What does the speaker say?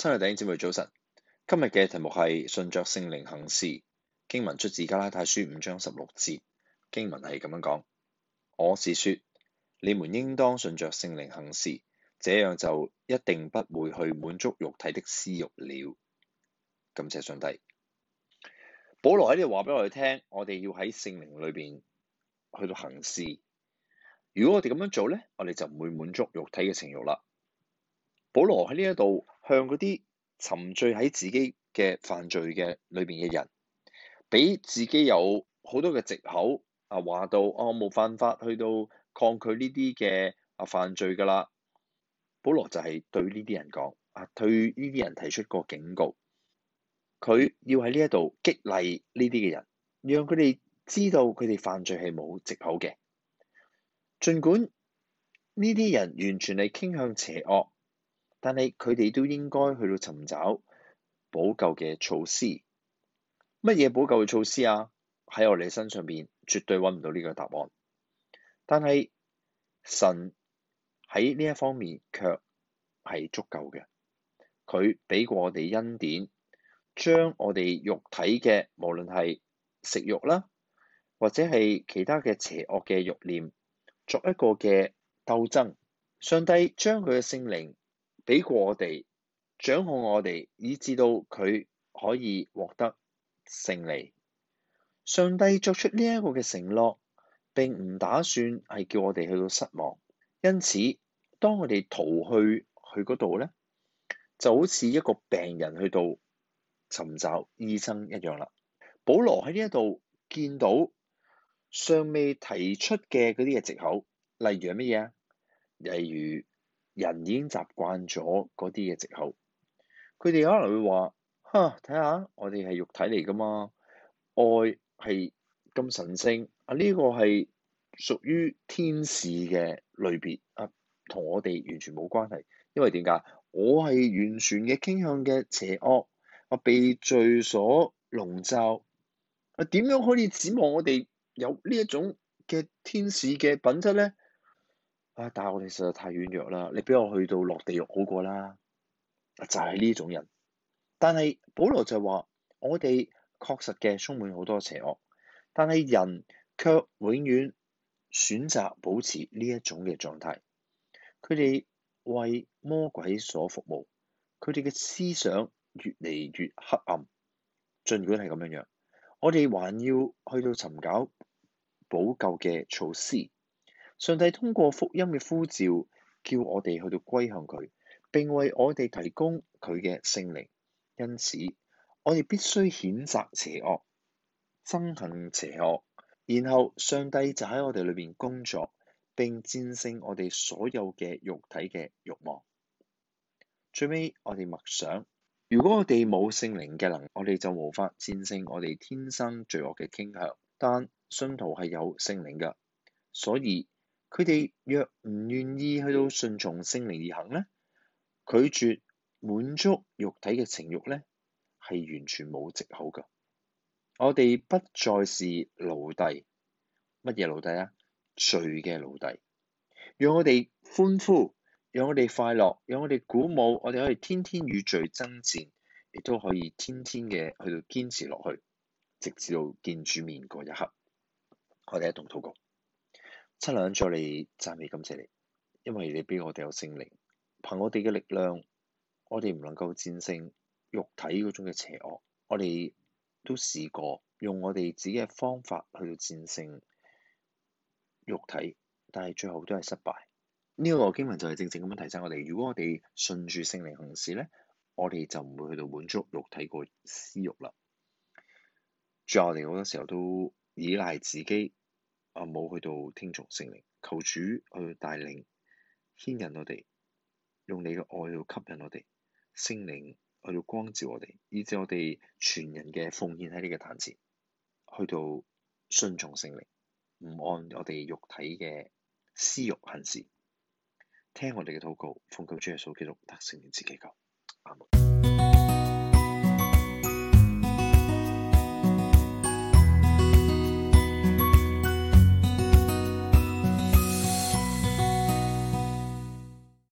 親愛弟兄姊妹，早晨！今日嘅題目係順着聖靈行事，經文出自加拉太書五章十六節。經文係咁樣講：我是說，你們應當順着聖靈行事，這樣就一定不會去滿足肉體的私欲了。感謝上帝，保羅喺度話俾我哋聽，我哋要喺聖靈裏邊去到行事。如果我哋咁樣做咧，我哋就唔會滿足肉體嘅情欲啦。保羅喺呢一度向嗰啲沉醉喺自己嘅犯罪嘅裏邊嘅人，俾自己有好多嘅藉口啊，話到我冇辦法，去到抗拒呢啲嘅啊犯罪噶啦。保羅就係對呢啲人講啊，對呢啲人提出個警告，佢要喺呢一度激勵呢啲嘅人，讓佢哋知道佢哋犯罪係冇藉口嘅。盡管呢啲人完全係傾向邪惡。但係佢哋都應該去到尋找補救嘅措施。乜嘢補救嘅措施啊？喺我哋身上邊絕對揾唔到呢個答案。但係神喺呢一方面卻係足夠嘅。佢俾過我哋恩典，將我哋肉體嘅無論係食慾啦，或者係其他嘅邪惡嘅慾念作一個嘅鬥爭。上帝將佢嘅聖靈，俾過我哋，掌控我哋，以至到佢可以獲得勝利。上帝作出呢一個嘅承諾，並唔打算係叫我哋去到失望。因此，當我哋逃去去嗰度呢，就好似一個病人去到尋找醫生一樣啦。保羅喺呢一度見到尚未提出嘅嗰啲嘅藉口，例如係乜嘢啊？例如。人已經習慣咗嗰啲嘅藉口，佢哋可能會話：嚇，睇下，我哋係肉體嚟噶嘛，愛係咁神聖啊，呢、這個係屬於天使嘅類別啊，同我哋完全冇關係。因為點解？我係完全嘅傾向嘅邪惡，我、啊、被罪所籠罩，我、啊、點樣可以指望我哋有呢一種嘅天使嘅品質咧？但係我哋實在太軟弱啦，你俾我去到落地獄好過啦，就係呢種人。但係保羅就話：我哋確實嘅充滿好多邪惡，但係人卻永遠選擇保持呢一種嘅狀態。佢哋為魔鬼所服務，佢哋嘅思想越嚟越黑暗，儘管係咁樣樣，我哋還要去到尋找補救嘅措施。上帝通過福音嘅呼召，叫我哋去到歸向佢，並為我哋提供佢嘅聖靈。因此，我哋必須譴責邪惡、憎恨邪惡，然後上帝就喺我哋裏面工作，並戰勝我哋所有嘅肉體嘅欲望。最尾，我哋默想，如果我哋冇聖靈嘅能力，我哋就無法戰勝我哋天生罪惡嘅傾向。但信徒係有聖靈㗎，所以。佢哋若唔願意去到順從聖靈而行咧，拒絕滿足肉體嘅情慾咧，係完全冇藉口㗎。我哋不再是奴隸，乜嘢奴隸啊？罪嘅奴隸。讓我哋歡呼，讓我哋快樂，讓我哋鼓舞，我哋可以天天與罪爭戰，亦都可以天天嘅去到堅持落去，直至到見主面嗰一刻，我哋一同禱告。七兩再嚟讚美感謝你，因為你畀我哋有聖靈，憑我哋嘅力量，我哋唔能夠戰勝肉體嗰種嘅邪惡，我哋都試過用我哋自己嘅方法去戰勝肉體，但係最後都係失敗。呢個經文就係正正咁樣提醒我哋，如果我哋順住聖靈行事咧，我哋就唔會去到滿足肉體個私慾啦。最後我哋好多時候都依賴自己。阿冇去到聽從聖靈，求主去帶領牽引我哋，用你嘅愛去吸引我哋，聖靈去到光照我哋，以至我哋全人嘅奉獻喺呢個壇前，去到信從聖靈，唔按我哋肉體嘅私欲行事，聽我哋嘅禱告，奉靠主耶穌基督得聖靈之啟導，阿門。